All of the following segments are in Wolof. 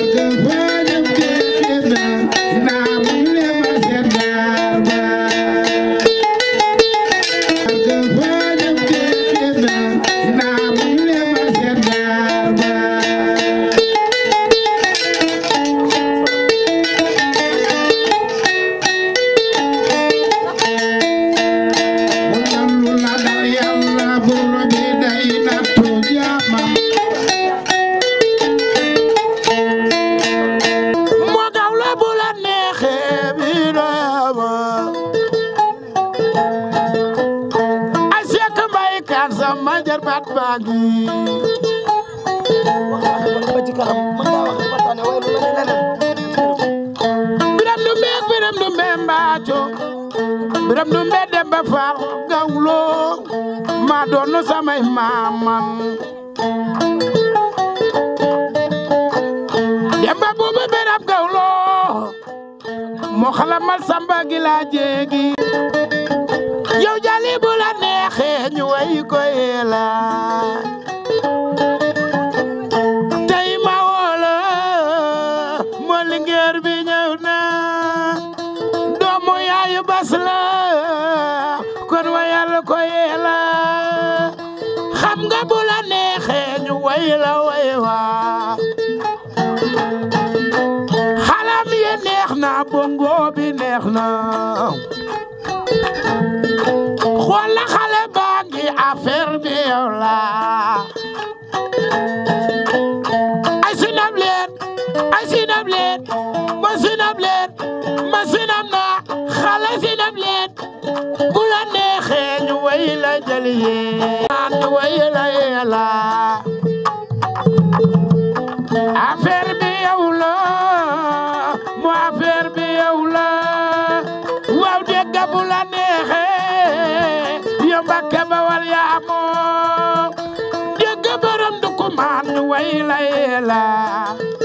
Thank you. baat baa ngi biram du mbee biram du biram du mbee demba faal gawlo maa doon samay maamam demba buubu biram gawlo moo xalamal samba gi laa jéegi yow la tey ma woola moo bi ñëw na doomu yaayu bas la kon wa yàlla yeela xam nga bu la neexee xalam ye neex na bongo neex na xool xale baa ngi affaire bi yow la ay sinab leen ay sinab leen ma sinab leen ma sinab na xale sinab leen bu la neexee ñu way la jëli yee ñu way la yee bi yow la lay lay la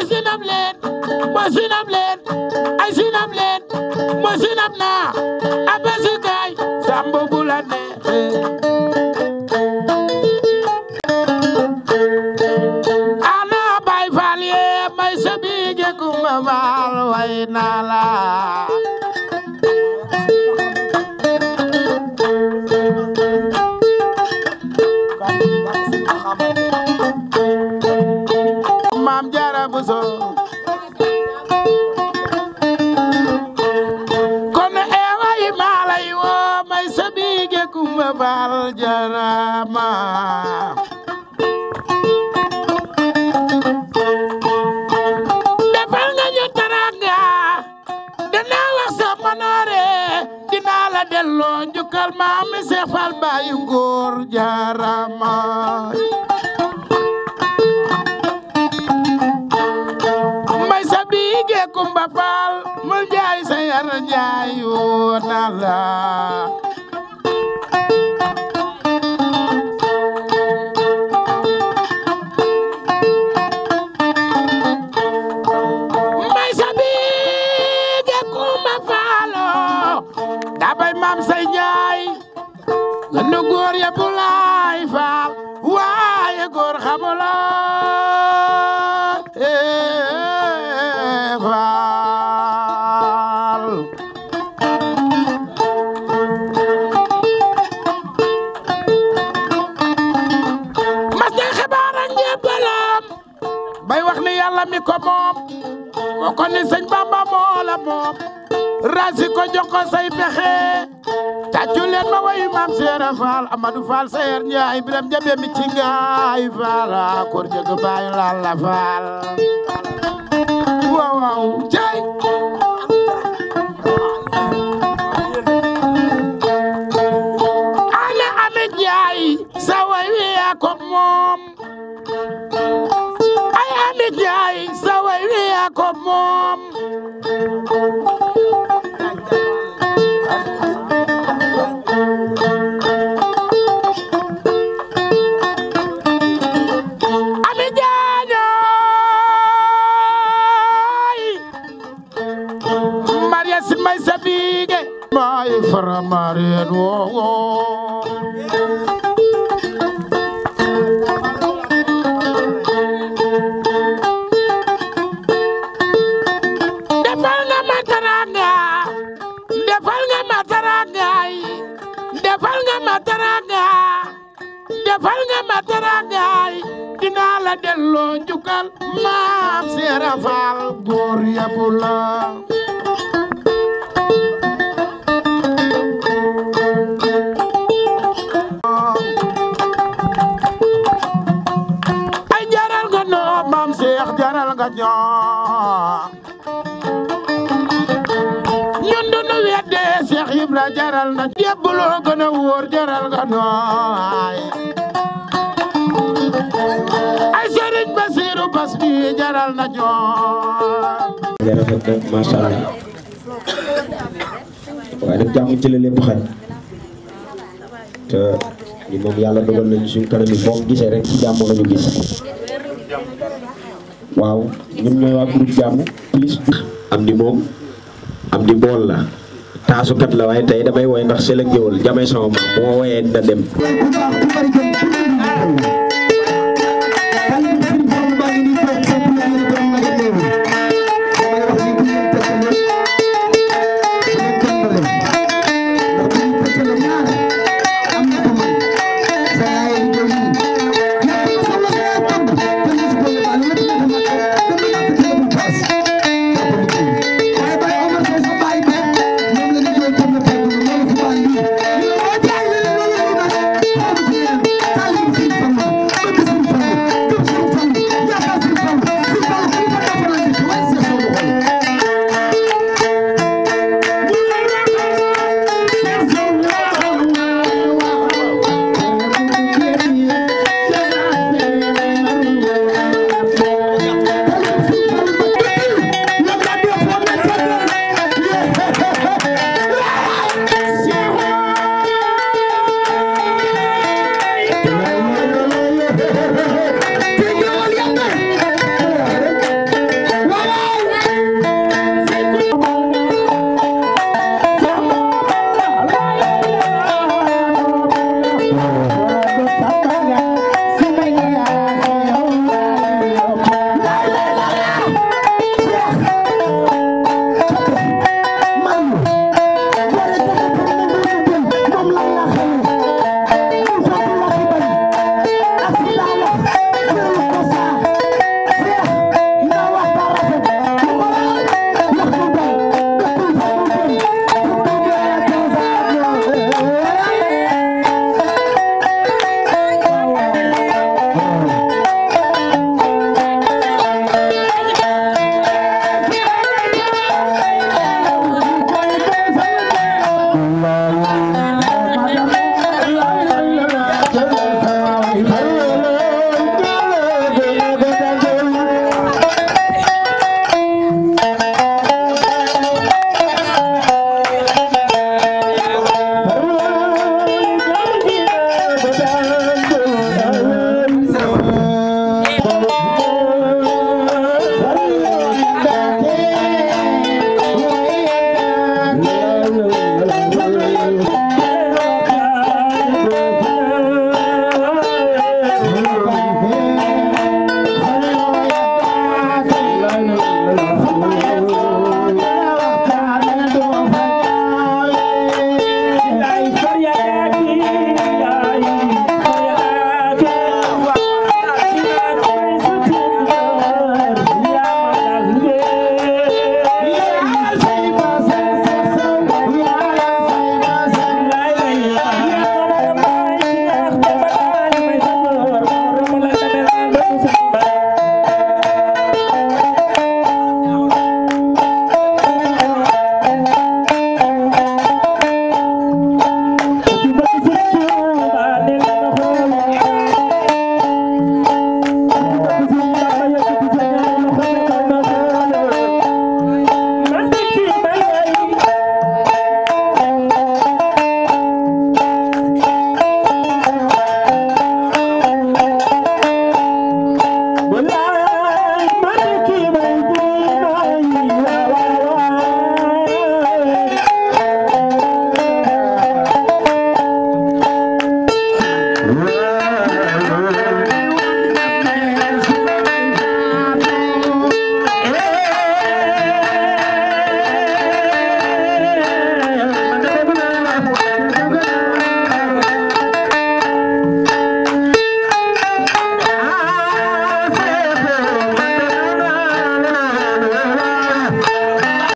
ay sinam leen ma sinam leen ay sinam leen ma sinam naa a bési kaay samba bu la neexee way na la defal nga ñu taranga dinaa wax sa manoore dinaa la delloo njukkal maam Seex Faal baayu ngóor jaarama mbay sa bii kumba faal mul jaay sa yar jaay la daa bay maam say njaay nu góor ya bu laay faal waaye góor xamula eh, faal mas na xabaar ak njëbbalaam bay wax ni yàlla mi ko moom boo ko ni sëñ Bamba moo la rasi ko jox ko say pexe tàccu ma wayu maam Seera Faal Amadou Faal Seer Njaay Biram Jabe mi ci ngaay Faal a kor jëg la Faal góor jaral nga noo maam Seex jaral nga ñoo ñun du nu weddee Seex Ibra jaral na jébbuloo gën a wóor jaral nga nooy ay Serigne Bassirou Bass bi jaral na waaye nag jàmm ci lépp xaj te li yàlla dogal nañu suñ kanam yi gisee rek ci jàmm la gis waaw ñun ñooy waa groupe jàmm plus am di am di bool la taasukat la waaye tey damay woy ndax sela ngéwal jamay sama maam moo woyee na dem